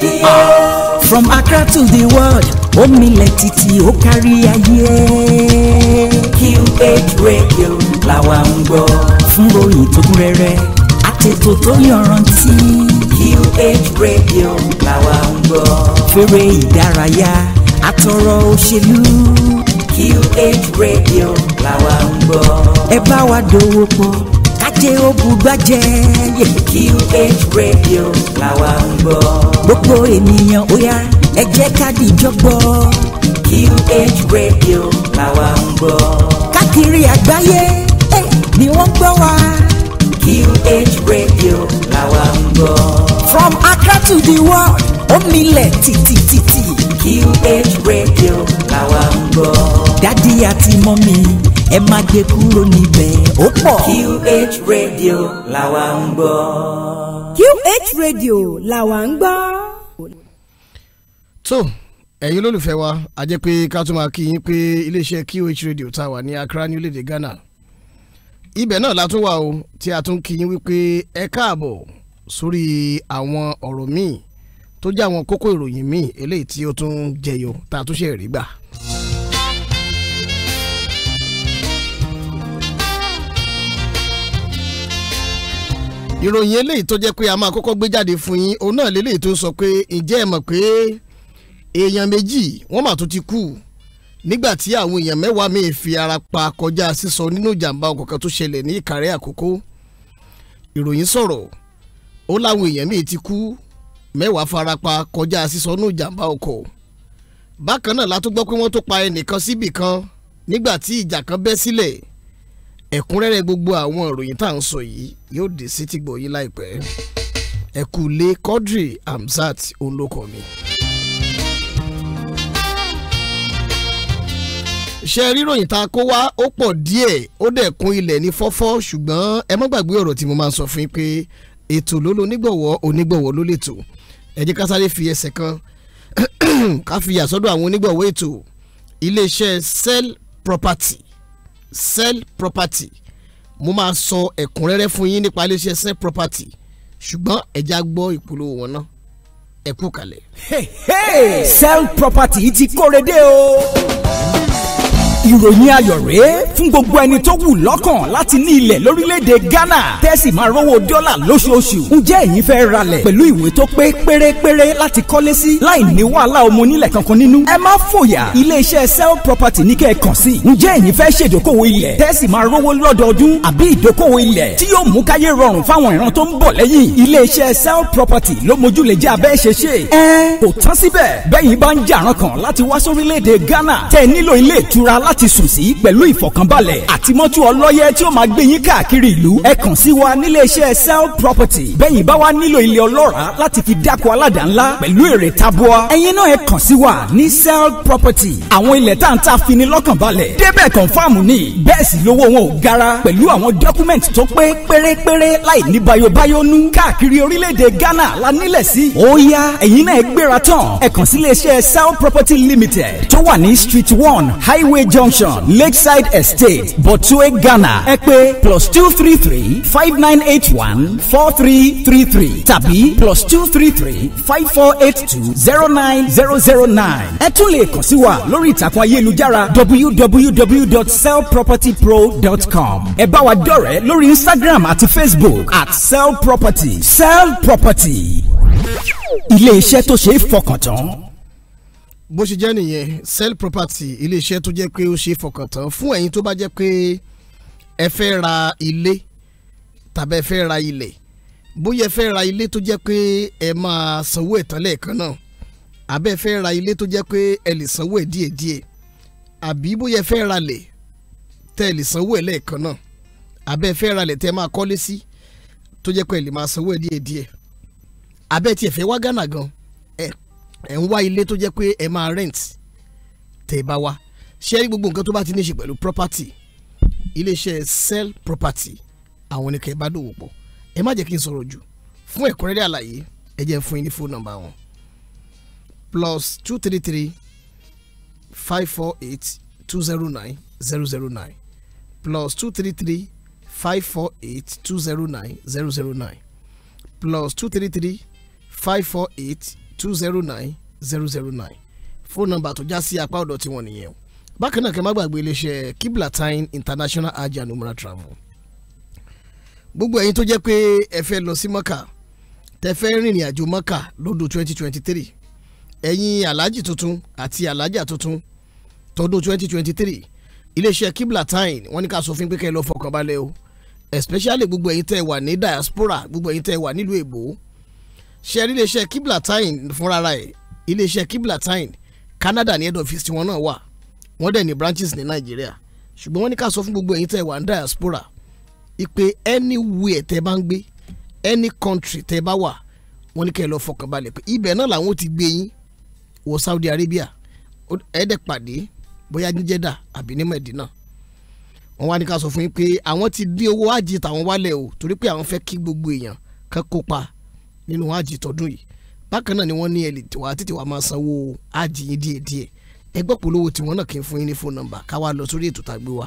rédíò. from Accra to the world ó milẹ̀ O ó aye. QH radio làwa ń gbọ́. fún ròyìn tó kún rẹ́rẹ́ àtètò tó yọrantí. QH radio làwa ń gbọ́. fèrè ìdárayá àtọ̀rọ̀ òṣèlú. QH radio làwa ń gbọ́. ẹ bá wa dòwò pọ̀ jẹ́ ògùn gbàjẹ́. QH radio làwa ń gbọ́ gbogbo ènìyàn ó yá ẹ jẹ́ ká dìjọ́ gbọ́. QH radio làwa ń gbọ́. káàkiri àgbáyé ni wọ́n gbọ́ wa. QH radio làwa ń gbọ́. from Accra to the world ó milẹ̀ tìtìtìtì. QH radio làwa ń gbọ́. dádì àti mọ́mí ẹ má gbé kúrò níbẹ̀ ó pọ̀. QH radio làwa ń gbọ́. QH radio làwa ń gbọ́. tó ẹ̀yin olólùfẹ́ wa a jẹ́ pé ká tún máa kí yín pé iléeṣẹ́ QH radio tá a wà ní Accra ní orílẹ̀-èdè Ghana ibẹ̀ náà la tún wà o tí a tún kí yín wípé ẹ káàbọ̀ sórí àwọn ọ̀rọ̀ míì tó jẹ́ àwọn kókó ìròyìn míì eléyìí tí ó tún jẹyọ tá a tún ṣe rí gbà. ìròyìn eléyìí tó jẹ́ pé a máa kọ́kọ́ gbé jáde fún yín òun náà lélẹ́yìí tó sọ pé ǹjẹ́ ẹ mọ̀ pé èèyàn méjì wọ́n mà tún ti kú nígbà tí àwọn èèyàn mẹ́wàá mi fi ara pa kọjá sísọ nínú ìjàmbá ọkọ̀ kan tó ṣẹlẹ̀ ní Ìkàrẹ́ Àkókó ìròyìn sọ̀rọ̀ ó láwọn èèyàn míì ti kú mẹ́wàá farapa kọjá sísọ nínú ìjàmbá ọkọ̀ bákan náà látúgbọ́ pé wọ́n tó pa ẹnìkan síbì kan nígbà tí ìjà kan bẹ́ sílẹ̀ ẹ̀kúnrẹ́rẹ́ gbogbo àwọn ìròyìn tá à ń sọ yìí yóò dé sí tìgbọ̀ yín láìpẹ́ ẹ̀kúlé Quadri Hamzat olóko mi. ṣe ríròyìn tá a kó wá ó pọ̀ díẹ̀ ó dẹ̀ kún ilẹ̀ ní fọ́fọ́ ṣùgbọ́n ẹ má gbàgbé ọ̀rọ̀ tí mo máa sọ fún yín pé ètò ló lónígbọ̀wọ́ onígbọ̀wọ́ ló lè tò ẹ jẹ́ fi ẹsẹ̀ kan ká fi yà sọ́dọ̀ àwọn onígbọ̀wọ́ ètò iléeṣẹ́ Sell Property sell property mo máa sọ ẹ̀kúnrẹ́rẹ́ fún yín nípa iléeṣẹ́ sell property ṣùgbọ́n ẹ̀já gbọ́ ìpolówó wọn náà ẹ kú kalẹ̀. hey hey sell property ti kórede o ìròyìn ayọ̀ rèé fún gbogbo ẹni tó wù lọ́kàn láti ní ilẹ̀ lórílẹ̀‐èdè Ghana tẹ́sí máa rówó dọ́là lóṣooṣù ǹjẹ́ ẹ̀yin fẹ́ ralẹ̀ pẹ̀lú ìwé tó pé pérépéré láti kọ́lé sí láì ní wàhálà ọmọ onílẹ̀ kankan nínú ẹ má fòyà iléeṣẹ́ sell property ní kẹ́ ẹ kàn sí ǹjẹ́ ẹ̀yin fẹ́ ṣèdókòwò ilẹ̀ tẹ́sí máa rówó lọ́dọọdún àbí ìdókòwò ilẹ̀ tí yóò mú káyé rọrùn fáwọn ìran tó ń bọ̀ lẹ́yìn iléeṣẹ́ sell property ló mojú lè jẹ́ abẹ́ ṣe ṣe ẹ kò tán síbẹ̀ bẹ́yìn bá ń jàrán Ghana tẹ́ nílò ilé ìtura láti sùn sí pẹ̀lú ìfọ̀kànbalẹ̀ àti mọ́tò ọlọ́yẹ tí ó máa gbé yín káàkiri ìlú ẹ kàn sí wa nílé iṣẹ́ sell property bẹ́yìn bá wa nílò ilé ọlọ́ràá láti fi dáko aládàá-ńlá pẹ̀lú èrè tabua ẹ̀yin náà ẹ kàn sí wa ní sell property àwọn ilẹ̀ tá à ń ta fini lọ́kànbalẹ̀ débẹ̀ kọ̀nfàmù ni bẹ́ẹ̀ sì lówó wọn ò gara pẹ̀lú àwọn dọ́kúmẹ̀ntì tó pé pérépéré láì ní bayobayonú káàkiri orílẹ̀-èdè Ghana la nílẹ̀ sí ó yá ẹ̀yin náà ẹ gbéra tán ẹ kàn sí ilé iṣẹ́ sell property limited tó wà ní street one highway junction junction lakeside estate botue ghana ẹ pè plus two three three five nine eight one four three three three tàbí plus two three three five four eight two zero nine zero zero nine ẹ tún lè kàn sí wa lórí ìtàkùn ayélujára www.sellpropertypro.com ẹ bá wa dọ̀rẹ́ lórí instagram àti facebook at sellproperty sellproperty ilé iṣẹ́ tó ṣe é fọkàn tán bó ṣe jẹ́ nìyẹn sell property iléeṣẹ́ tó jẹ́ pé ó ṣe fọkàn tán fún ẹ̀yin tó bá jẹ́ pé ẹ fẹ́ ra ilé tàbí ẹ fẹ́ ra ilẹ̀ bóyá ẹ fẹ́ ra ilé tó jẹ́ pé ẹ máa sanwó ẹ̀tàn lẹ́ẹ̀kan náà àbẹ́ ẹ fẹ́ ra ilé tó jẹ́ pé ẹ lè sanwó ẹ̀ díẹ̀díẹ̀ àbí bóyá ẹ fẹ́ ra lẹ̀ tẹ́ ẹ lè sanwó ẹ̀ lẹ́ẹ̀kan náà àbẹ́ ẹ fẹ́ ra lẹ̀ tẹ́ ẹ máa kọ́lé sí tó jẹ́ pé ẹ lè máa sanwó ẹ̀ díẹ̀díẹ̀ àbẹ́ tiẹ̀ fẹ́ wá Ghana gan-an ẹ̀ ń wá ilé tó jẹ́ pé ẹ máa rent tẹ̀ bá wa ṣe rí gbogbo nǹkan tó bá ti ní ṣe pẹ̀lú property iléeṣẹ́ sell property àwọn oníkẹ́ bá dòwò pọ̀ ẹ má jẹ́ kí n sọ̀rọ̀ jù fún ẹ̀kúnrẹ́rẹ́ àlàyé ẹ jẹ́ fún yín fóònù nọ́mbà wọn plus two three three five four eight two zero nine zero zero nine plus two three three five four eight two zero nine zero zero nine plus two three three five four eight two zero nine zero zero nine fóònù nọ́mbà tó já sí apá ọ̀dọ̀ tiwọn nìyẹn o bákan náà kẹ́ má gbàgbé iléeṣẹ́ kiblatin international hajj and travel gbogbo ẹ̀yin tó jẹ́ pé ẹ fẹ́ lọ sí mọ́kà tẹ fẹ́ rìnrìn àjò mọ́kà lọ́dún twenty twenty three ẹ̀yin aláàjì tuntun àti aláàjà tuntun tọdún twenty twenty three iléeṣẹ́ kiblatin wọ́n ní ká sọ fún pé kẹ́ ẹ lọ fọkàn o especially gbogbo ẹ̀yin tẹ́ wà ní diaspora gbogbo ẹ̀yin tẹ́ wà nílùú èbó ṣe rí iléeṣẹ́ kibla time fúnra rẹ̀ iléeṣẹ́ kibla time Canada ní head office tiwọn náà wà wọ́n dẹ̀ ní branches ní Nàìjíríà ṣùgbọ́n wọ́n ní ká sọ fún gbogbo ẹ̀yin tẹ́ wà ní diaspora ìpè anywhere tẹ́ bá ń gbé any country tẹ́ bá wà wọ́n ní kẹ́ ẹ lọ fọkàn pé ibẹ̀ náà làwọn ti gbé yín wọ Saudi Arabia ẹ̀ẹ́dẹ̀ pàdé bóyá ní Jeddah àbí ní Medina wọ́n wá ní ká sọ fún yín pé àwọn ti dín owó àjì tàwọn wálẹ̀ o torí pé àwọn fẹ́ kí gbogbo èèyàn kẹ́ kópa nínú hajj tọdún yìí bákan náà ni wọ́n ní ẹ̀lì tiwa títí wàá máa sanwó hajj yín díẹ̀díẹ̀ ẹgbẹ́ polówó tiwọn náà kì í fún yín ní fóònù nọ́mbà káwá lọ sórí ètò tàgbé wa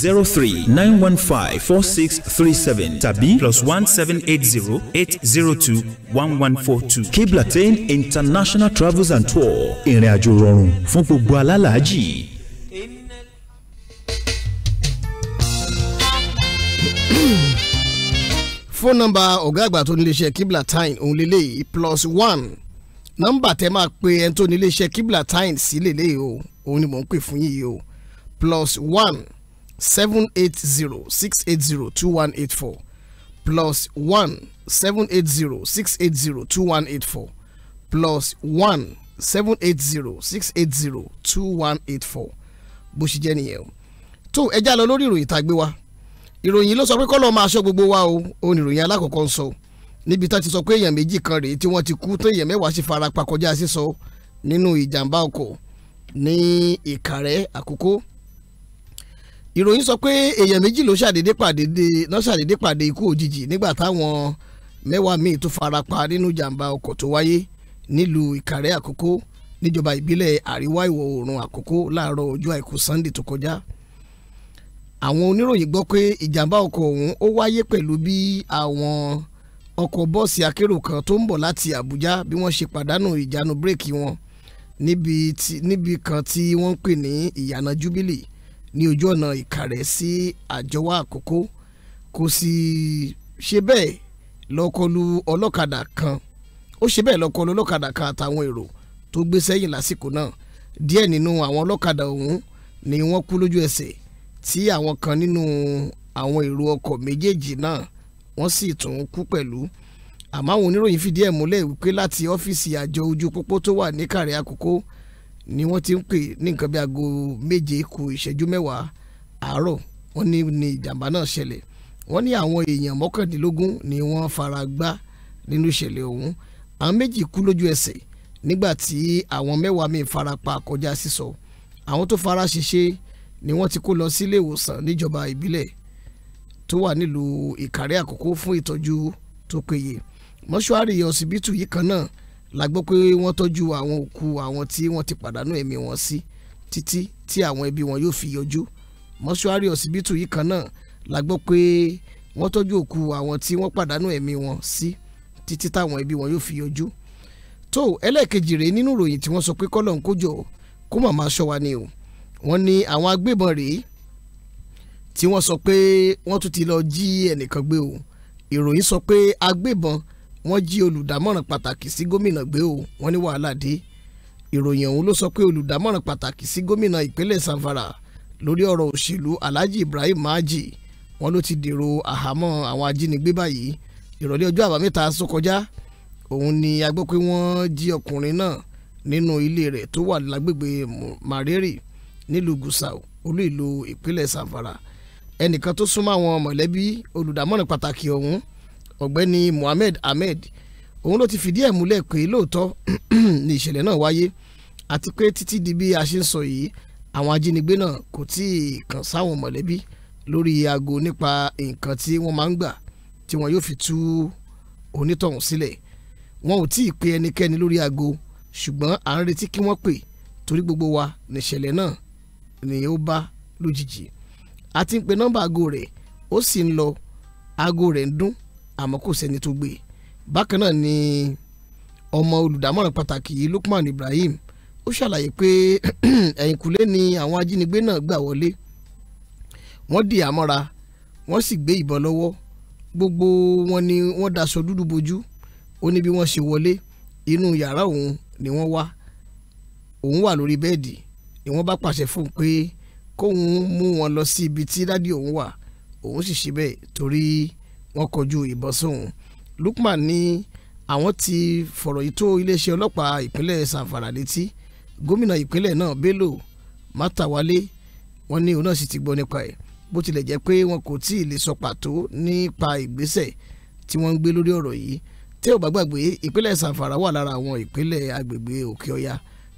zero three nine one five four six three seven tàbí plus one seven eight zero eight zero two one one four two. Kiblatain International Travels and Tour ìrìn àjò rọrùn fún gbogbo alálàájì. fóònù nọ́mbà ọ̀gá àgbà tó níléeṣẹ́ Kiblatain òun lélẹ́yìí plus one nọ́mbà tẹ́ máa pe ẹni tó níléeṣẹ́ Kiblatain sí lélẹ́yìí o òun ni mò ń pè fún yìí o plus one seven eight zero six eight zero two one eight four plus one seven eight zero six eight zero two one eight four plus one seven eight zero six eight zero two one eight four bó ṣe jẹ́ nìyẹn o tó ẹja lọ lórí ìròyìn tàgbé wa ìròyìn ló sọ pé kọ́lọ́ máa ṣọ́ gbogbo wa o òun ìròyìn alákọ̀ọ́kọ́ ń sọ níbi tá ti sọ pé èèyàn méjì kan rèé tí wọ́n ti kú tó èèyàn mẹ́wàá sì fara pa kọjá sísọ nínú ìjàmbá ọkọ̀ ní Ìkàrẹ́ Àkókó ìròyìn sọ pé èèyàn méjì ló ṣàdédé pàdé ló ṣàdédé pàdé ikú òjijì nígbà táwọn mẹ́wàá míì tó fara pa nínú jàǹbá ọkọ̀ tó wáyé nílùú ìkàrẹ́ àkókó níjọba ìbílẹ̀ àríwá ìwọ̀ oòrùn àkókó láàárọ̀ ọjọ́ àìkú sannde tó kọjá àwọn oníròyìn gbọ́ pé ìjàmbá ọkọ̀ ọ̀hún ó wáyé pẹ̀lú bí àwọn ọkọ̀ bọ́ọ̀sì akérò kan tó ń bọ̀ láti àbújá bí wọ́n ṣe pàdánù ìjánu bírèkì wọn níbi kan tí wọ́n ń pè ní ìyànà jubilee ní ojú ọ̀nà ìkàrẹ́ sí àjọwọ́ àkókò kò sì ṣe bẹ́ẹ̀ lọ́kọlù ọlọ́kadà kan ó ṣe bẹ́ẹ̀ lọ́kọlù ọlọ́kadà kan àtàwọn èrò tó gbé sẹ́yìn lásìkò náà díẹ̀ nínú àwọn ọlọ́kadà ọ̀hún ni wọ́n kú lójú ẹsẹ̀ tí àwọn kan nínú àwọn èrò ọkọ̀ méjèèjì náà wọ́n sì tún kú pẹ̀lú àmọ́ àwọn oníròyìn fìdí ẹ̀ múlẹ̀ wípé láti ọ́fíìsì àjọ ojú pópó tó wà ní kàrẹ́ àkókò ni wọ́n ti ń pè ní nǹkan bí aago méje kù ìṣẹ́jú mẹ́wàá àárọ̀ wọ́n ní ní ìjàmbá náà ṣẹlẹ̀ wọ́n ní àwọn èèyàn mọ́kàndínlógún ni wọ́n fara gbá nínú ìṣẹ̀lẹ̀ ọ̀hún àwọn méjì kú lójú ẹsẹ̀ nígbà tí àwọn mẹ́wàá míì fara pa kọjá sísọ àwọn tó fara ṣèṣe ni wọ́n ti kó lọ sílé ìwòsàn níjọba ìbílẹ̀ tó wà nílùú Ìkàrẹ́ Àkókó fún ìtọ́jú tó péye mọ́ṣúárì ọsibítù yìí kan náà la gbọ́ pé wọ́n tọ́jú àwọn òkú àwọn tí wọ́n ti pàdánù ẹ̀mí wọn sí títí tí àwọn ẹbí wọn yóò fi yọjú mọ́ṣúárì ọ̀sibítù yìí kan náà la gbọ́ pé wọ́n tọ́jú òkú àwọn tí wọ́n pàdánù ẹ̀mí wọn sí títí táwọn ẹbí wọn yóò fi yọjú tó ẹlẹ́ẹ̀kejì rèé nínú ìròyìn tí wọ́n sọ pé kọ́lọ̀ ń kójọ kó màmá aṣọ wa ni o wọ́n ní àwọn agbébọn rèé tí wọ́n sọ pé wọ́n tún ti lọ jí ẹnìkan gbé o ìròyìn sọ pé agbébọn wọ́n jí olùdámọ̀ràn pàtàkì sí gómìnà gbé o wọ́n ní wàhálà dé ìròyìn ọ̀hún ló sọ pé olùdámọ̀ràn pàtàkì sí gómìnà ìpínlẹ̀ Zamfara lórí ọ̀rọ̀ òṣèlú Alhaji Ibrahim Maji wọ́n ló ti dèrò àhámọ́ àwọn ajínigbé báyìí ìrọ̀lẹ́ ọjọ́ àbámẹ́ta sọ kọjá òun ni a pé wọ́n jí ọkùnrin náà nínú ilé rẹ̀ tó wà lágbègbè Mariri nílùú Gusau olú ìlú ìpínlẹ̀ Zamfara ẹnìkan tó súnmọ́ àwọn mọ̀lẹ́bí olùdámọ̀ràn pàtàkì ọ̀hún ọ̀gbẹ́ni Mohammed Ahmed òun ló ti fìdí ẹ̀ múlẹ̀ pé lóòótọ́ ni ìṣẹ̀lẹ̀ náà wáyé àti pé títí di bí a ṣe ń sọ yìí àwọn ajínigbé náà kò tí ì kàn sáwọn mọ̀lẹ́bí lórí aago nípa nǹkan tí wọ́n máa ń gbà tí wọn yóò fi tú onítọ̀hún sílẹ̀ wọn ò tí ì pe ẹnikẹ́ni lórí aago ṣùgbọ́n à ń retí kí wọ́n pè torí gbogbo wa níṣẹ̀lẹ̀ náà ni ó bá lójijì a ti ń pe nọ́mbà aago rẹ̀ ó sì ń lọ aago rẹ̀ ń dún àmọ́ kò sẹ́ni tó gbé bákan náà ni ọmọ olùdámọ̀ràn pàtàkì yìí Lukman Ibrahim ó ṣàlàyé pé ẹ̀yìnkùlé ni àwọn ajínigbé náà gbà wọlé wọ́n di àmọ́ra wọ́n sì gbé ìbọn lọ́wọ́ gbogbo wọn ni wọ́n daṣọ dúdú bojú ó ní bí wọ́n ṣe wọlé inú yàrá òun ni wọ́n wá òun wà lórí bẹ́ẹ̀dì ni wọ́n bá pàṣẹ fún un pé kóun mú wọn lọ sí ibi tí dádì òun wà òun sì ṣe bẹ́ẹ̀ torí wọ́n kọjú ìbọn sóhun Lukman ní àwọn ti fọ̀rọ̀ yìí tó iléeṣẹ́ ọlọ́pàá ìpínlẹ̀ Zamfara létí gómìnà ìpínlẹ̀ náà Bello Matawalle wọ́n ní òun náà sì ti gbọ́ nípa ẹ̀ bó tilẹ̀ jẹ́ pé wọn kò tí ì lè sọ pàtó nípa ìgbésẹ̀ tí wọ́n ń gbé lórí ọ̀rọ̀ yìí tẹ́ ò bá gbàgbé ìpínlẹ̀ Zamfara wà lára àwọn ìpínlẹ̀ agbègbè Òkè Ọya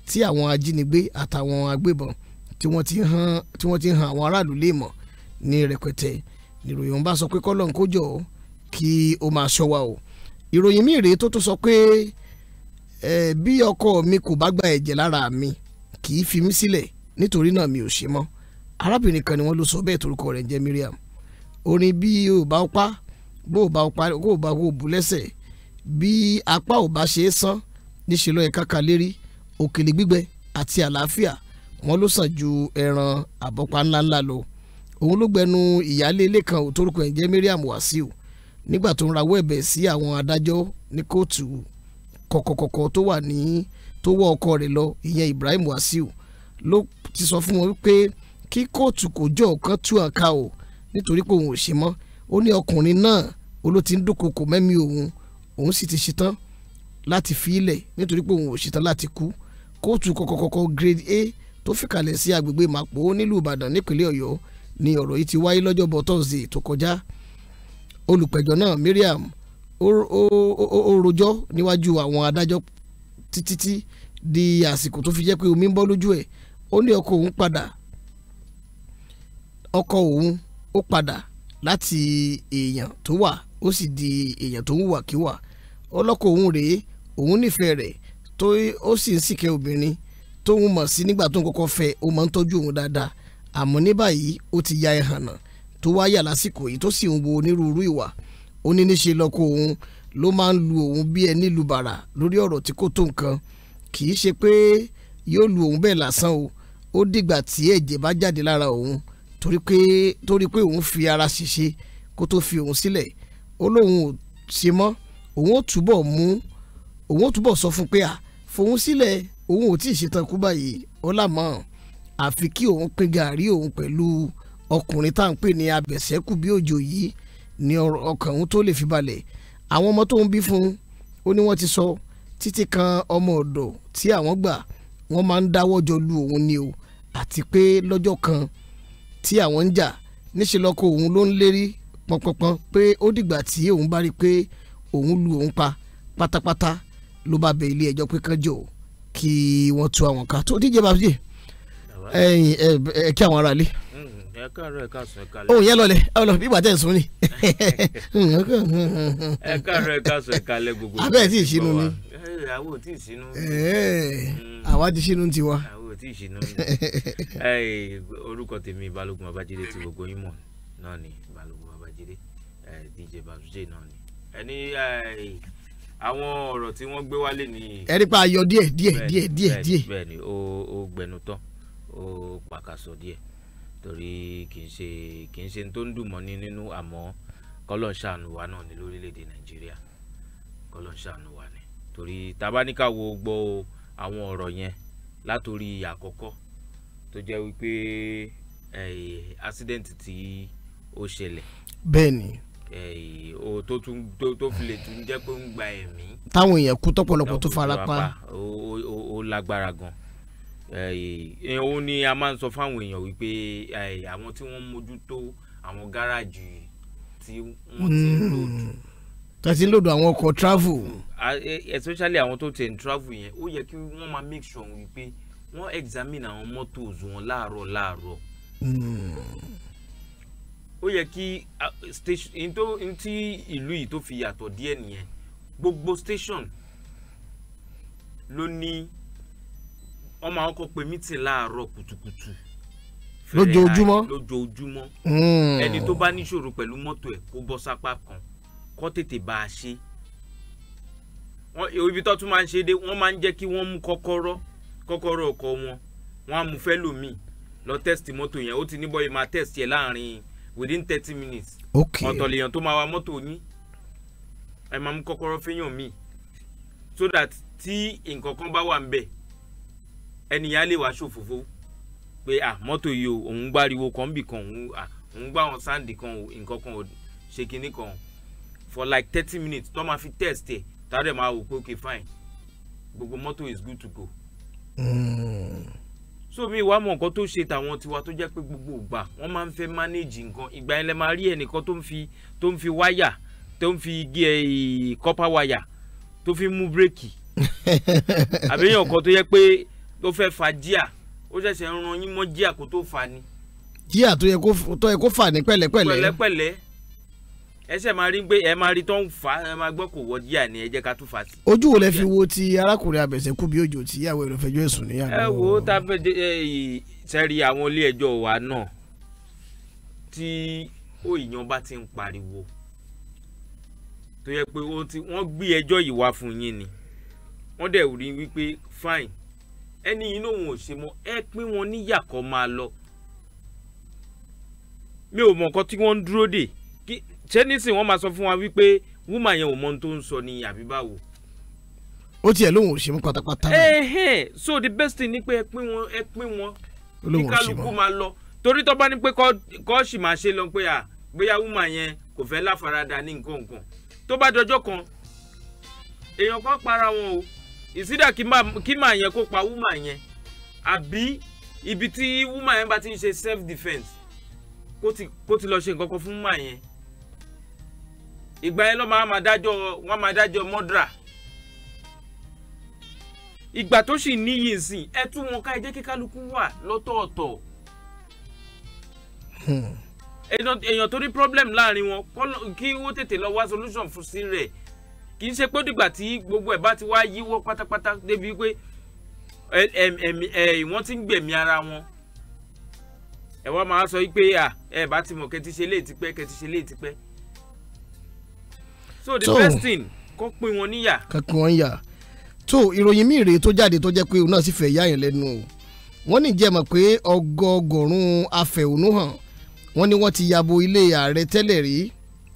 tí àwọn ajínigbé àtàwọn agbébọn tí wọ́n ti ń àwọn aráàlú léèmọ̀ ní rẹpẹtẹ níròyìn òun bá sọ pé kọ́lọ̀ ń kójọ kí ó máa ṣọ́ wa o ìròyìn mi rèé tó tún sọ pé bí ọkọ mi kò bá gba ẹ̀jẹ̀ lára mi kì í fi mí sílẹ̀ nítorí náà mi ò ṣe mọ́ arábìnrin kan ni wọ́n ló sọ bẹ́ẹ̀ torúkọ rẹ̀ ń jẹ́ Miriam orin bí o bá ó pa bó o bá ó pa kó o bá kó o bú lẹ́sẹ̀ bí apá ò bá ṣe é sán níṣẹ́ lọ́ọ́ ẹ̀ka kan lérí òkèlè gbígbẹ àti àlàáfíà wọ́n ló sàn ju ẹran àbọ́pá ńláńlá lọ òun ló gbẹnu ìyáálé ilé kan torúkọ ẹ̀ jẹ́ Mariam Wasiu nígbà tó ń rawọ́ ẹ̀bẹ̀ sí àwọn adájọ́ ní kóòtù kọ̀kọ̀kọ̀kọ̀ tó wà ní tó wọ́ ọkọ rẹ̀ lọ ìyẹn Ibrahim Wasiu ló ti sọ fún wọn wípé kí kóòtù kò jọ ọ̀kan tú àká o nítorí pé òun ò ṣe mọ́ ó ní ọkùnrin náà oló ti ń dúnkokò mẹ́mí òun òun sì ti ṣetán láti fi ilẹ̀ nítorí pé òun ò ṣetán láti kú kóòtù kọ̀kọ̀kọ̀kọ̀ grade A tó fìkàlẹ̀ sí agbègbè Màpó nílùú Ìbàdàn nípínlẹ̀ Ọ̀yọ́ ni ọ̀rọ̀ yìí ti wáyé lọ́jọ́bọ̀ tọ́sídẹ̀ẹ́ tó kọjá olùpẹ̀jọ́ náà Mariam ó rojọ́ níwájú àwọn adájọ́ títí di àsìkò tó fi jẹ́ pé omi ń bọ́ lójú ẹ̀ ó ní ọkọ òun padà ọkọ òun ó padà láti èèyàn tó wà ó sì di èèyàn tó ń wàkíwà ọlọ́kọ òun rèé òun nífẹ̀ẹ́ rẹ̀ tó ó sì ń sìkẹ́ obìnrin tóun mọ̀ sí nígbà tó ń kọ́kọ́ fẹ́ ó máa ń tọ́jú òun dáadáa àmọ́ ní báyìí ó ti ya ẹ̀hànà tó wáyà lásìkò yìí tó sì ń wo onírúurú ìwà ó ní níṣe lọ́kọ òun ló máa ń lu òun bí ẹni lu bàrà lórí ọ̀rọ̀ tí kò tó nǹkan kì í ṣe pé yóò lu òun bẹ́ẹ̀ lásán o ó dìgbà tí ẹ̀jẹ̀ bá jáde lára òun torí pé torí pé òun fi ara ṣèṣe kó tó fi òun sílẹ̀ ó lóun ò ṣe mọ́ òun ò túbọ̀ mú òun ò túbọ̀ sọ fún pé à fòun sílẹ̀ òun ò tí ṣetán kú báyìí ó là àfi kí òun pín gàrí òun pẹ̀lú ọkùnrin tá à ń pè ní abẹ̀sẹ́kù bí òjò yìí ni ọkàn òun tó lè fi balẹ̀ àwọn ọmọ tó ń bí fún un ó ní wọ́n ti sọ títí kan ọmọ ọ̀dọ̀ tí àwọn gbà wọ́n máa ń dáwọ́ jọ lu òun ni o àti pé lọ́jọ́ kan tí àwọn ń jà níṣẹ́ lọ́kọ òun ló ń lérí pọnpọnpọn pé ó dìgbà tí òun bá rí pé òun lu òun pa pátápátá ló bá bẹ ilé ẹjọ́ pé kánjọ kí wọ́n tú àwọn ká tó díje bàbá yìí ẹ kí àwọn ará lé. Mm, ẹ káàárọ̀ ẹ káàsán ẹ káalẹ́. ohun yẹn lọlẹ ọ lọ bíbà tẹ n sún ni. ẹ káàárọ̀ ẹ káàsán ẹ káalẹ́ gbogbo. abẹ́ ẹ̀ tí ì sínú ni. Eh, àwọn ò tí ì sínú. Eh, mm. àwa ti sínú tiwa. àwọn ò tí ì sínú ni. orúkọ tèmi balógun babájídé ti gbogbo yín mọ̀ náà ni balógun babájídé dj bazuje náà ni. ẹni àwọn ọ̀rọ̀ tí wọ́n gbé wálé ni. ẹ rí pa ayọ̀ díẹ̀ díẹ̀ díẹ̀ díẹ̀. bẹ́ẹ̀ni o gbẹnu tán ó pàkàṣọ díẹ̀ torí kì í ṣe kì í ṣe tó ń dùn mọ́ni nínú àmọ́ kọ́lọ́n ṣàánú wa náà ní lórílẹ̀‐èdè nàìjíríà kọ́lọ́n ṣàánú wa ni torí tabaníkà wo gbọ́ àwọn ọ̀rọ̀ yẹn látòrí àkọ́kọ́ tó jẹ́ wípé accident tí ó ṣẹlẹ̀. bẹ́ẹ̀ni. o tó tún tó tó fi lè tún jẹ́ pé ń gba ẹ̀mí. táwọn èèyàn kú tọ́pọ̀lọpọ̀ tó fara pa. o lágbára gan Eh, eh, òun ni a máa ń sọ fáwọn èèyàn wípé eh, àwọn tí wọ́n mójútó àwọn gáràjì tí wọ́n ti ń lòdù. Hmm. tàti lòdù àwọn ọkọ̀ travel. especially àwọn tó tẹ̀ ń travel yẹn ó yẹ kí wọ́n máa make sure wípé wọ́n examine àwọn mọ́tòs wọn láàárọ̀ láàárọ̀. Hmm. ó yẹ kí station tí ìlú yìí tó fi yàtọ̀ díẹ̀ nìyẹn gbogbo station ló ní wọ́n máa ń kọ́ pé mítì láàárọ̀ kùtùkùtù lójoojúmọ́ lójoojúmọ́ hmm. ẹni tó bá níṣòro pẹ̀lú mọ́tò ẹ̀ kó bọ́ sápá kan kó tètè bá a ṣe ibi tó tún máa ń ṣe dé wọ́n máa ń jẹ́ kí wọ́n mú kọ́kọ́rọ́ kọ́kọ́rọ́ ọkọ̀ wọn wọ́n á mú fẹ́ lòmíì lọ test mọ́tò yẹn ó ti ní bọ́yìí máa test yẹn láàrin within thirty minutes okay ọ̀tọ̀ lèèyàn tó máa wa mọ́tò yín ẹ máa mú kọ́kọ́rọ́ fẹ́yàn míì so that tí nǹkan kan bá wà ń bẹ̀ ẹni yẹn á lè wá ṣòfófó pé à mọ́tò yìí o òun gbáriwo kan bì kan òun à òun gbá wọn sáǹdì kan o nǹkan kan o ṣe kinní kan o for like thirty minutes tó máa fi test ẹ̀ tàdé máa wò pé okay fine gbogbo mọ́tò is good to go. Mm. so mi wá mọ nǹkan tó ṣe tàwọn tiwa tó jẹ́ pé gbogbo ìgbà wọ́n máa ń fẹ́ manage nǹkan ìgbà yẹn lẹ máa rí ẹnìkan tó ń fi tó ń fi wáyà tó ń fi gé ẹ eh, copper wire tó fi mú bírèkì àbí èèyàn kan tó yẹ pé tó fẹ́ fa jíà ó ṣẹ̀ṣẹ̀ ran yín mọ́ jíà kó tó fa ni. jíà tó yẹ kó fà ní pẹ̀lẹ́pẹ̀lẹ́. pẹ̀lẹ́pẹ̀lẹ́ ẹsẹ̀ máa rí gbé ẹ máa rí tó ń fa ẹ máa gbọ́ kò wọ díà ni ẹ jẹ́ ká tún fa sí. ojú wo lẹ fi wo ti arákùnrin abẹ̀sẹ̀kù bí òjò tí ìyàwó rẹ̀ fẹjọ́ ẹ̀sùn níyàwó. ẹ wo ta fẹ́ sẹ́rí àwọn ilé ẹjọ́ wa náà tí òyìnbó bá ti ń pariwo tó yẹ pé wọ́n gbé ẹjọ́ yìí wá fún yín ni wọ́n dẹ̀ rí wípé fine ẹni yìí lòun ò ṣe mọ ẹ pín wọn níyà kó máa lọ mi ò mọ nǹkan tí wọ́n ń dúró dè kí ṣé nísìnyí wọ́n máa sọ fún wa wípé wúmà yẹn ò mọ ohun tó ń sọ ni àbí báwo. ó tiẹ̀ lóun ò ṣe mú pátápátá. so the best thing ni pé ẹ pín wọn ẹ pín wọn kí kálukú máa lọ torí tó bá ní pé kọ́ ṣì máa ṣe lọ pé à bóyá wúmà yẹn kò fẹ́ láfaradà ní nǹkan nǹkan tó bá dọjọ́ kan èèyàn kan para wọn o ìsídà kí màá yẹn kó pa wúmà yẹn àbí ibi tí wúmà yẹn bá ti ń ṣe self defence kó ti kó ti lọ ṣe nǹkan kan fún wúmà yẹn ìgbà yẹn ló máa máa dájọ́ wọ́n máa dájọ́ mọ́dúrà ìgbà tó sì níyì sìn ẹ tú wọn ká ẹ jẹ́ kí kálukú wà lọ́tọ̀ọ̀tọ̀ hmm. èèyàn tó ní problem láàrin wọn kí wọ́n tètè lọ wá solution fún sí rẹ̀ kì í ṣe pé dìgbà tí gbogbo ẹ̀ bá ti wá yíwọ́ pátápátá débi pé wọ́n ti ń gbẹ̀mí ara wọn ẹ wá máa sọ pé ẹ bá ti mọ̀ kẹ́tí ṣe léè tipẹ́ kẹ́tí ṣe léè tipẹ́ so the best thing kó pín wọn níyà. kó pín wọn níyà tó ìròyìn míì rèé tó jáde tó jẹ́ pé òun náà sì fẹ́ yá lẹ́nu o wọ́n ní jẹ́ mọ̀ pé ọgọọgọ̀rún afẹ̀hónúhàn wọ́n ní wọ́n ti yabo ilé ààrẹ tẹ́lẹ̀ rí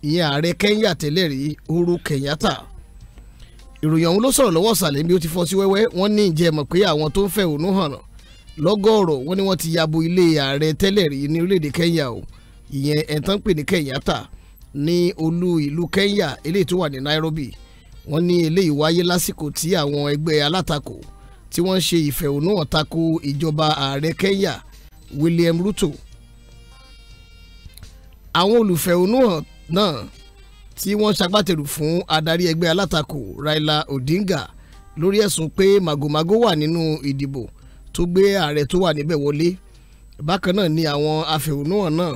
ìyẹn ààrẹ Kẹ́ńyà tẹ́lẹ̀ rí Uhuru Kenyatta ìròyìn ọ̀hún ló sọ̀rọ̀ lọ́wọ́ sàlẹ̀ bí ó ti fọ́ sí wẹ́wẹ́ wọ́n ní ìjẹ́ mọ̀ pé àwọn tó ń fẹ̀hónú hàn lọ́gọ́rọ̀ wọ́n ní wọ́n ti yabo ilé ààrẹ tẹ́lẹ̀ rí ní orílẹ̀-èdè Kenya o ìyẹn ẹ̀ńtán pè ní Kenyatta ní olú ìlú Kenya eléyìí tó wà ní Nairobi wọ́n ní eléyìí wáyé lásìkò tí àwọn ẹgbẹ́ alátakò tí wọ́n ń ṣe ìfẹ̀hónúhàn Kenya William Ruto àwọn olùfẹ̀hónúhàn náà tí wọ́n ṣagbátẹrù fún adarí ẹgbẹ́ alátakò Raila Odinga lórí ẹ̀sùn pé màgòmágó wà nínú ìdìbò tó gbé ààrẹ tó wà níbẹ̀ wọlé bákan náà ni àwọn afẹ̀hónúhàn náà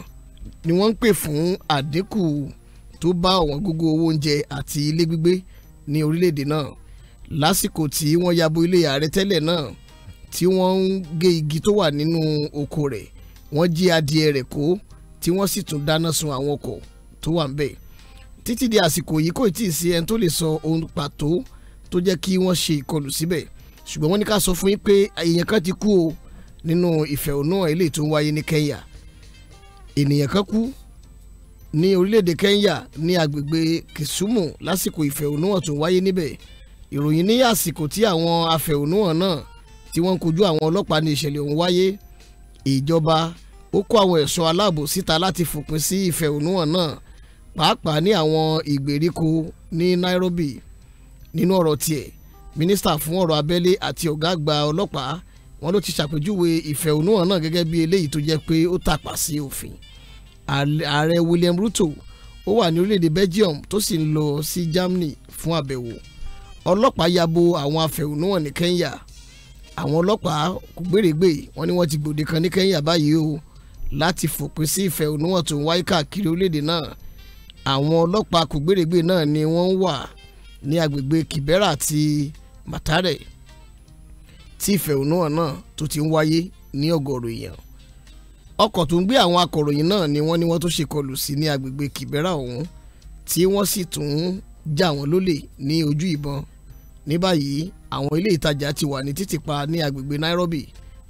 ni wọ́n ń pè fún àdínkù tó bá ọ̀wọ́n gógó owó oúnjẹ àti ilé gbígbé ní orílẹ̀-èdè náà lásìkò tí wọ́n yabo ilé ààrẹ tẹ́lẹ̀ náà tí wọ́n ń gé igi tó wà nínú oko rẹ̀ wọ́n jí adìẹ rẹ̀ kó tí wọ́n sì tún dáná sun àwọn ọkọ̀ tó wà ń bẹ̀ títí di àsìkò yìí kò tí ì sí ẹni tó lè sọ ohun pàtó tó jẹ́ kí wọ́n ṣe ìkọlù síbẹ̀ ṣùgbọ́n wọ́n ní ká sọ fún yín pé èèyàn kan ti kú o nínú ìfẹ̀hónú eléyìí tó ń wáyé ní Kenya ènìyàn kan kú ní orílẹ̀-èdè Kenya ní agbègbè Kisumu lásìkò ìfẹ̀hónú hàn tó ń wáyé níbẹ̀ ìròyìn ní àsìkò tí àwọn afẹ̀hónú hàn náà tí wọ́n ń kojú àwọn ọlọ́pàá ní ìṣẹ̀lẹ̀ ọ̀hún wáyé ìjọba ó kó àwọn ẹ̀ṣọ́ aláàbò síta láti fòpin sí ìfẹ̀hónú hàn náà pàápàá ní àwọn ìgbèríko ní Nairobi nínú ọ̀rọ̀ tiẹ̀ mínísítà fún ọ̀rọ̀ abẹ́lé àti ọ̀gá àgbà ọlọ́pàá wọn ló ti ṣàpèjúwe ìfẹ̀hónúhàn náà gẹ́gẹ́ bí eléyìí tó jẹ́ pé ó tàpá sí òfin ààrẹ William Ruto ó wà ní orílẹ̀-èdè Belgium tó sì ń lọ sí Germany fún àbẹ̀wò ọlọ́pàá yabo àwọn afẹ̀hónúhàn ní Kenya àwọn ọlọ́pàá kò gbèrègbè wọn ni wọ́n ti gbòde kan ní Kenya báyìí o láti fòpin sí ìfẹ̀hónúhàn tó ń wáyé káàkiri orílẹ̀-èdè náà àwọn ọlọ́pàá kògbèrègbè náà ni wọ́n wà ní agbègbè Kìbẹ́rà àti Màtàrẹ̀ tí ìfẹ̀hónúhàn náà tó ti ń wáyé ní ọ̀gọ̀rọ̀ èèyàn ọkọ̀ tó ń gbé àwọn akọ̀ròyìn náà ni wọ́n ní wọ́n tó ṣèkọlù sí ní agbègbè Kìbẹ́rà ọ̀hún tí wọ́n sì tún ń já wọn lólè ní ojú ìbọn ní báyìí àwọn ilé ìtajà ti wà ní títìpa ní agbègbè Nairobi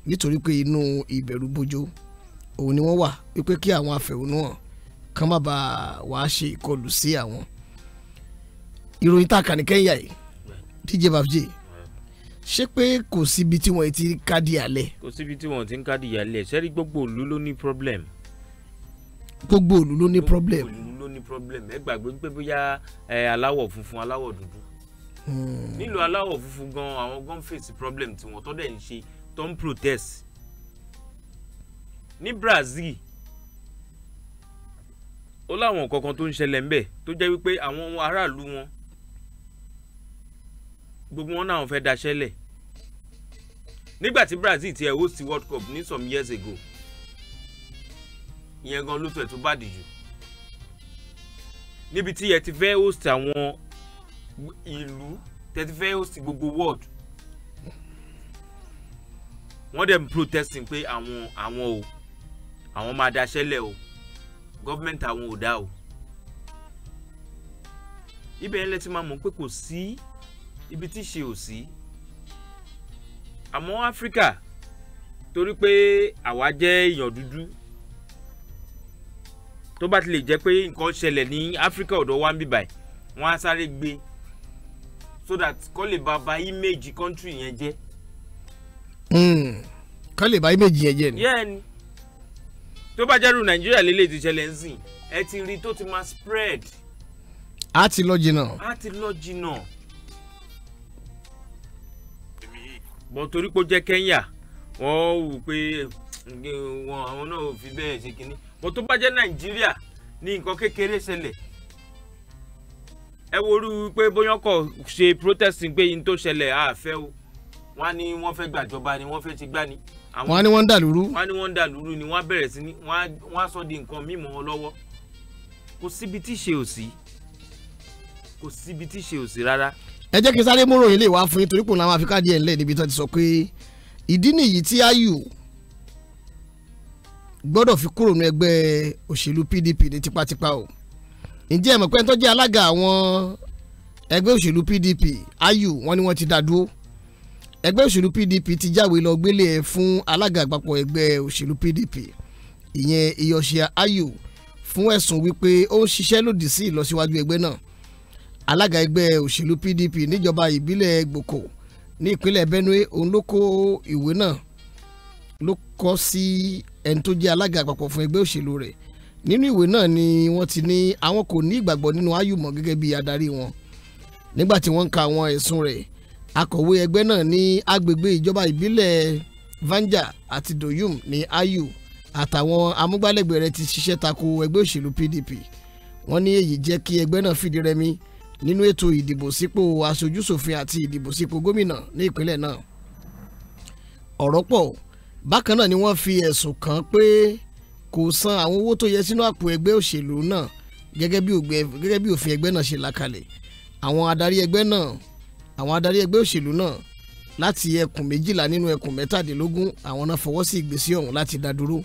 nítorí pé inú ìbẹ̀rù bojo òun ni wọ́n wà wípé kí àwọn afẹ̀hónúhàn kán má ba wàá ṣe ìkọlù sí àwọn ìròyìn tá ní kẹ́ńyà yìí DJ Babji ṣé pé kò síbi tí wọ́n ti ń kádìí alẹ́. kò síbi tí wọ́n ti ń kádìí alẹ́ sẹ́rí gbogbo òlu ló ní problem. gbogbo òlu ló ní problem. gbogbo òlu ló ní problem ẹ gbàgbé pé bóyá aláwọ̀ funfun aláwọ̀ dúdú. Hmm. nílùú aláwọ̀ funfun gan àwọn gan face problem tí wọ́n tọ́ dẹ̀ ń ṣe tó ń protest. ní Brazil ó láwọn nǹkan kan tó ń ṣẹlẹ̀ ńbẹ̀ tó jẹ́ wípé àwọn aráàlú wọn gbogbo wọn náà fẹ́ daṣẹ́lẹ̀ nígbà tí Brazil ti ẹ̀ host World Cup ní some years ago ìyẹn gan ló fẹ̀ tó bàdì jù níbi tí ẹ ti fẹ́ host àwọn ìlú tẹ ti fẹ́ host gbogbo world wọ́n dẹ̀ ń protesting pé àwọn àwọn o àwọn máa daṣẹ́lẹ̀ o gọ́fìmẹ̀ntì àwọn ò dá o ibẹ̀ yẹn lẹ́tí máa mọ̀ pé kò sí ibi tí ṣe ò sí àmọ́ áfíríkà torí pé àwa jẹ́ èèyàn dúdú tó bá ti lè jẹ́ pé nǹkan ṣẹlẹ̀ ní áfíríkà ọ̀dọ̀ wa ń bì báyìí wọ́n á sáré gbé so that kó lè bá ba image country yẹn jẹ́. Hmm, kó lè bá image yẹn jẹ́ ni tó bá jẹ́rù nàìjíríà lélẹ̀ ti ṣẹlẹ̀ ń sìn ẹ ti rí tó ti máa spread. a ti lọ jìnnà. a ti lọ jìnnà. bọ̀ torí pé ó jẹ́ Kenya wọ́n wù pé wọn àwọn náà ò fi bẹ́ẹ̀ ṣe kínní bọ̀ tó bá jẹ́ nàìjíríà ní nǹkan kékeré ṣẹlẹ̀ ẹ worú pé bóyá kò ṣe protesting pé yín tó ṣẹlẹ̀ àfẹ́ o wọ́n á ní wọ́n fẹ́ gbàjọba ni wọ́n fẹ́ ti gbá ni wọ́n á ní wọ́n ń dàlúrú. wọ́n á ní wọ́n ń dàlúrú ni wọ́n á bẹ̀rẹ̀ sí ni wọ́n á sọ di nǹkan mímọ́ ọ lọ́wọ́ kò síbi tí ṣe ò sí kò síbi tí ṣe ò sí rárá. ẹ jẹ́ kí sáré múròyìn lè wá fún yín torí pò láwọn àfikà díẹ̀ ńlẹ̀ níbi tó ti sọ pé ìdí nìyí tí ayù gbọ́dọ̀ fi kúrò ní ẹgbẹ́ òṣèlú PDP ní tipátipá o ǹjẹ́ ẹ alága àwọn ẹgbẹ́ òṣèlú PDP ayù wọ́n ní wọ́n ti dá dúró ẹgbẹ́ òṣèlú PDP ti jáwé lọ gbélé ẹ̀ fún alága àgbàpọ̀ ẹgbẹ́ òṣèlú PDP ìyẹn Iyọ̀ṣẹ́ Ayò fún ẹ̀sùn wípé ó ń ṣiṣẹ́ lòdì sí ìlọsíwájú ẹgbẹ́ náà alága ẹgbẹ́ òṣèlú PDP níjọba ìbílẹ̀ Gbòkò ní ìpínlẹ̀ Benue òun ló kó ìwé náà ló kọ sí ẹni tó jẹ́ alága àpapọ̀ fún ẹgbẹ́ òṣèlú rẹ̀ nínú ìwé náà ni wọ́n ti ní àwọn kò ní ìgbàgbọ́ nínú Ayù mọ́ gẹ́gẹ́ bí adarí wọn nígbà tí wọ́n ń ka àwọn ẹ̀sùn rẹ̀ akọ̀wé ẹgbẹ́ náà ní agbègbè ìjọba ìbílẹ̀ Vanja àti Doyum ní Ayu àtàwọn amúgbálẹ́gbẹ̀ẹ́ rẹ̀ ti ṣiṣẹ́ tako ẹgbẹ́ òṣèlú PDP wọ́n ní èyí jẹ́ kí ẹgbẹ́ náà fìdí rẹmi nínú ètò ìdìbò sípò aṣojúṣòfin àti ìdìbò sípò gómìnà ní ìpínlẹ̀ náà ọ̀rọ̀ pọ̀ bákan náà ni wọ́n fi ẹ̀sùn kàn pé kò san àwọn owó tó yẹ sínú àpò ẹgbẹ́ òṣèlú náà gẹ́gẹ́ bí òfin ẹgbẹ́ náà ṣe làkalẹ̀ àwọn adarí ẹgbẹ́ náà àwọn adarí ẹgbẹ́ òṣèlú náà láti ẹkùn méjìlá nínú ẹkùn mẹ́tàdínlógún àwọn náà fọwọ́ sí ìgbésí ọ̀hún láti dá dúró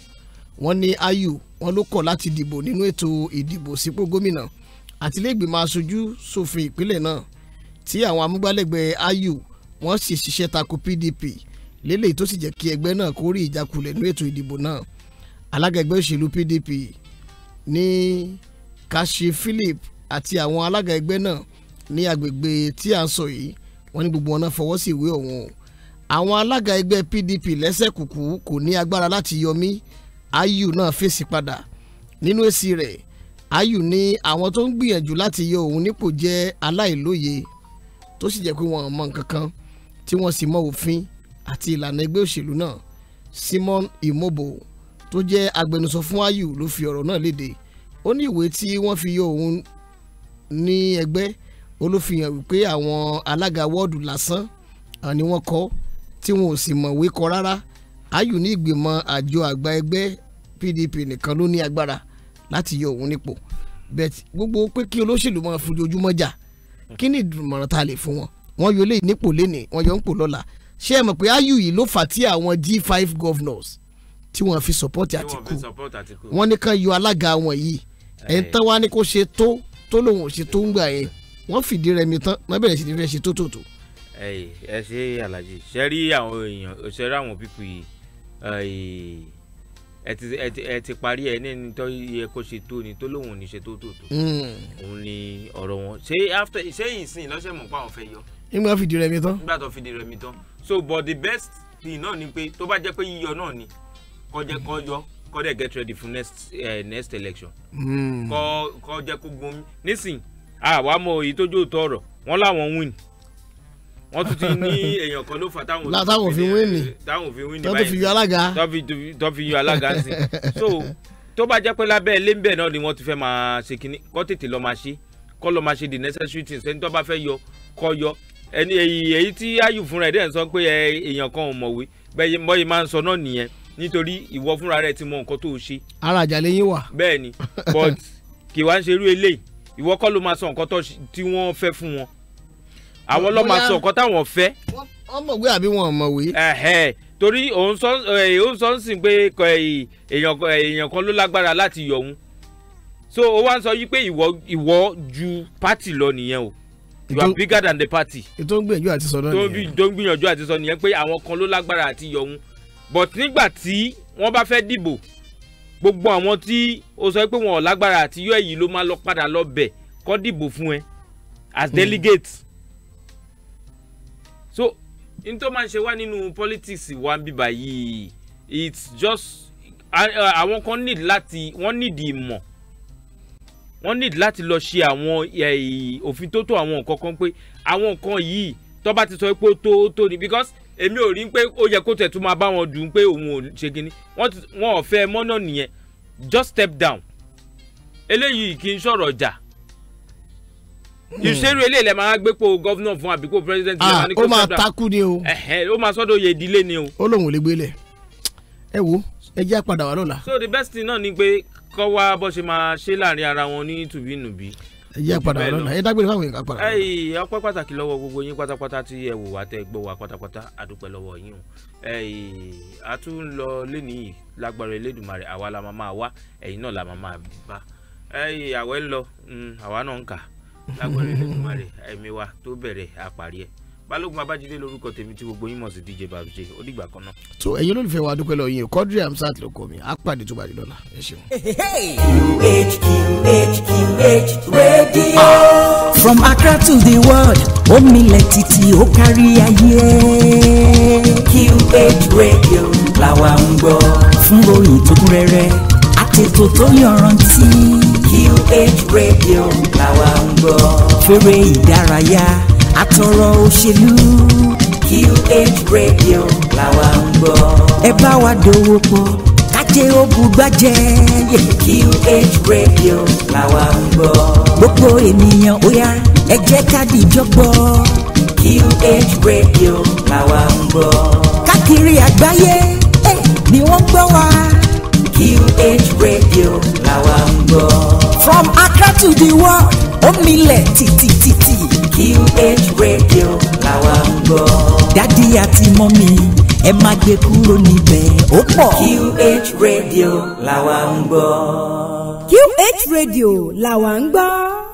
wọ́n ní ayù wọ́n ló kọ̀ láti dìbò nínú ètò ìdìbò sípò gómìnà àtìlẹ́gbìmọ̀ aṣojú ṣòfin ìpínlẹ̀ náà tí àwọn amúgbálẹ́gbẹ̀ẹ́ ayù wọ́n sì ṣiṣẹ́ tako PDP lélẹ̀ tó sì jẹ́ kí ẹgbẹ́ náà kó rí ìjákulẹ̀ nínú ètò ìdìbò náà alága ẹgbẹ́ òṣèlú PDP ní Kashi Philip àti àwọn alága ẹgbẹ́ náà ní agbègbè tí à ń sọ yìí wọ́n ní gbogbo wọn náà fọwọ́ sí ìwé ọ̀hún o àwọn alága ẹgbẹ́ PDP lẹ́sẹ̀ kùkù kò ní agbára láti yọmí ayù náà fèsì padà nínú èsì rẹ̀ ayù ní àwọn tó ń gbìyànjú láti yọ òun nípò jẹ́ aláìlóye tó sì jẹ́ pé wọ́n mọ nǹkan kan tí wọ́n sì mọ òfin àti ìlànà ẹgbẹ́ òṣèlú náà Simon Imobo tó jẹ́ agbẹnusọ fún ayù ló fi ọ̀rọ̀ náà léde ó ní ìwé tí wọ́n fi yọ òun ní ẹgbẹ́ ó ló fi hàn wípé àwọn alága wọ́ọ̀dù lásán ni wọ́n kọ́ tí wọn ò sì mọ̀wé kọ rárá ayù ní ìgbìmọ̀ àjọ àgbà ẹgbẹ́ PDP nìkan ló ní agbára láti yọ òun nípò bẹ́ẹ̀ gbogbo pé kí olóṣèlú máa fojoojúmọ́ jà kí ni ìdùnmọ̀ràn ta lè fún wọn wọn yọ lé nípò lénìí wọn yọ ń pò lọ́la ṣé ẹ mọ̀ pé ayù yìí ló fà tí àwọn G5 governors tí wọ́n fi support Àtìkù wọ́n ní kan yọ alága wọn yìí ẹ̀ ń tán wá ní kó ṣe tó tó lòun ò ṣe tó ń gbà yẹn wọ́n fìdí rẹmi tán wọ́n bẹ̀rẹ̀ sí ní fẹ́ ṣe tótòtò. ẹ ẹ ṣe alájí ṣe rí àwọn èèyàn ṣe rí àwọn pípì ẹ ti parí ẹ ní ẹni tó yẹ kó ṣe tó ni tó lóun ò ní ṣe tótòtò hmm. òun ni ọ̀rọ̀ wọn ṣé after ṣé ìsìn lọ́sẹ̀ mọ̀ pé àwọn fẹ́ yọ. nígbà fìdí rẹmi tán. nígbà tó fìdí rẹmi tán so but the best thing náà ni pé tó bá jẹ́ pé yíyọ náà ni kó jẹ́ kó yọ kó dẹ̀ get ready for next uh, next election. Hmm. kó kó jẹ́ kó gbomi nísìnyí àwa mọ èyí tójú òótọ́ ọ̀rọ̀ wọ́n láwọn win wọ́n tún ti ní èèyàn kan ló fà táwọn táwọn fi win ni táwọn fi win ni báyìí tó fi yọ alága tó fi yọ alága sí so tó bá jẹ́ pé lábẹ́ lẹ́ńbẹ̀ náà ni wọ́n ti fẹ́ máa ṣe kínní kọ́ tètè lọ́ọ́ máa ṣe kọ́ lọ́ọ́ máa ṣe the necessary things ẹni tó bá fẹ́ yọ kọ́ yọ ẹni èyí tí ayù fúnra ẹ̀ dẹ́n sọ pé èèyàn kan ò mọ̀wé bẹ́ẹ̀ bọ́yì máa ń sọ náà nìyẹn nítorí ìwọ fúnra rẹ̀ ti mọ nǹkan tó ṣe. ara àjàlẹ̀ yín wà. bẹ́ẹ̀ni but kì wá ń ṣerú eléyìí ìwọ kọ́ ló máa sọ nǹkan tí wọ́n fẹ́ fún wọn àwọn ló máa sọ nǹkan táwọn fẹ́. wọ́n mọ̀wé àbí wọn ò mọ̀wé. torí òun sọ eh, òun sọ ń sìn pé eh, eh, èèyàn kan ló lágbára láti yọ òun so ó wá ń sọ yí pé ìwọ ìwọ ju pátì lọ nìyẹn o you are bigger than the party. ètò ń gbìyànjú àti sọ náà nìyẹn tó ń gbìyànjú àti sọ nìyẹn pé àwọn kan ló lágbára àti yọ òun but nígbà tí wọ́n bá fẹ́ dìbò gbogbo àwọn tí o sọ pé wọn ò lágbára àti yọ èyí ló máa lọ padà lọ bẹ̀ kọ́ dìbò fún ẹ as hmm. delegate so n tó máa ń ṣe wá nínú politics wa bíbá yìí it's just àwọn kan need láti wọ́n need ìmọ̀ wọ́n need láti lọ ṣe àwọn eh, òfin tó tó àwọn nǹkan kan pé àwọn nǹkan yìí tó bá ti sọ pé ó tó ó tó ni because èmi ò rí pé ó yẹ kó tẹ̀ tó máa bá wọn dùn pé òun ò ṣe kínní wọn ò fẹ́ mọ́nà nìyẹn just step down eléyìí kì í sọ̀rọ̀ jà ìṣerú eléyìí lẹ máa gbé po gọ́fúnà fún àbíkó president Ah, ní kó step down ó máa takú ni o ó máa sọ́dọ̀ oyè ìdílé ni o. ó lóun ò lè gbélé ẹ wo ẹ jẹ́ àpàdà wà lọ́la. so the best thing náà ni pé kọ́ wá bó ṣe máa ṣe láàrin ara wọn ní tùbínùbí yẹ padà lọ́nà ẹ dágbére fáwọn èèyàn padà. ẹyì ọpẹ́ pàtàkì lọ́wọ́ gbogbo yín pátápátá tí ẹ wò wá tẹ gbọ́ wá pátápátá àdúpẹ́ lọ́wọ́ yín o ẹyì a tún ń lọ lẹ́nìí lágbára Elédùmarè àwa la máa wá ẹ̀yin náà la máa bá ẹyì àwẹ̀ ń lọ hmm, àwa náà ń kà lágbára Elédùmarè ẹ̀mí wa tó bẹ̀rẹ̀ àpàrí ẹ̀ balógun babájídé lórúkọ tèmi tí gbogbo yín mọ̀ sí dj babjé ó kan náà. tó ẹ̀yin olólùfẹ́ wa dúpẹ́ lọ yín o Quadri Hamzat ló kọ́ mi á pàdé tó bá di lọ́la ẹ ṣeun. QH radio. from Accra to the world ó milẹ̀ títí ó kárí ayé. QH radio làwa ń gbọ́. fún ròyìn tó kún rẹ́rẹ́ àtètò tó yọrantí. QH radio làwa ń gbọ́. fèrè ìdárayá àtọ̀rọ̀ òṣèlú. QH Radio làwa ń gbọ́. ẹ bá wa dòwò pọ̀ kájé ogun gbàjẹ́. QH Radio làwa ń gbọ́. gbogbo ènìyàn ó yá ẹ jẹ́ ká dìjọ gbọ́. QH Radio làwa ń gbọ́. káàkiri àgbáyé eh, ni wọ́n gbọ́ wa. QH Radio làwa ń gbọ́. from Accra to the world ó milẹ̀ tìtìtìtì. QH radio làwa ń gbọ́. dádì àti mọ́mí ẹ má gbé kúrò níbẹ̀ ó pọ̀. QH radio làwa ń gbọ́. QH radio làwa ń gbọ́.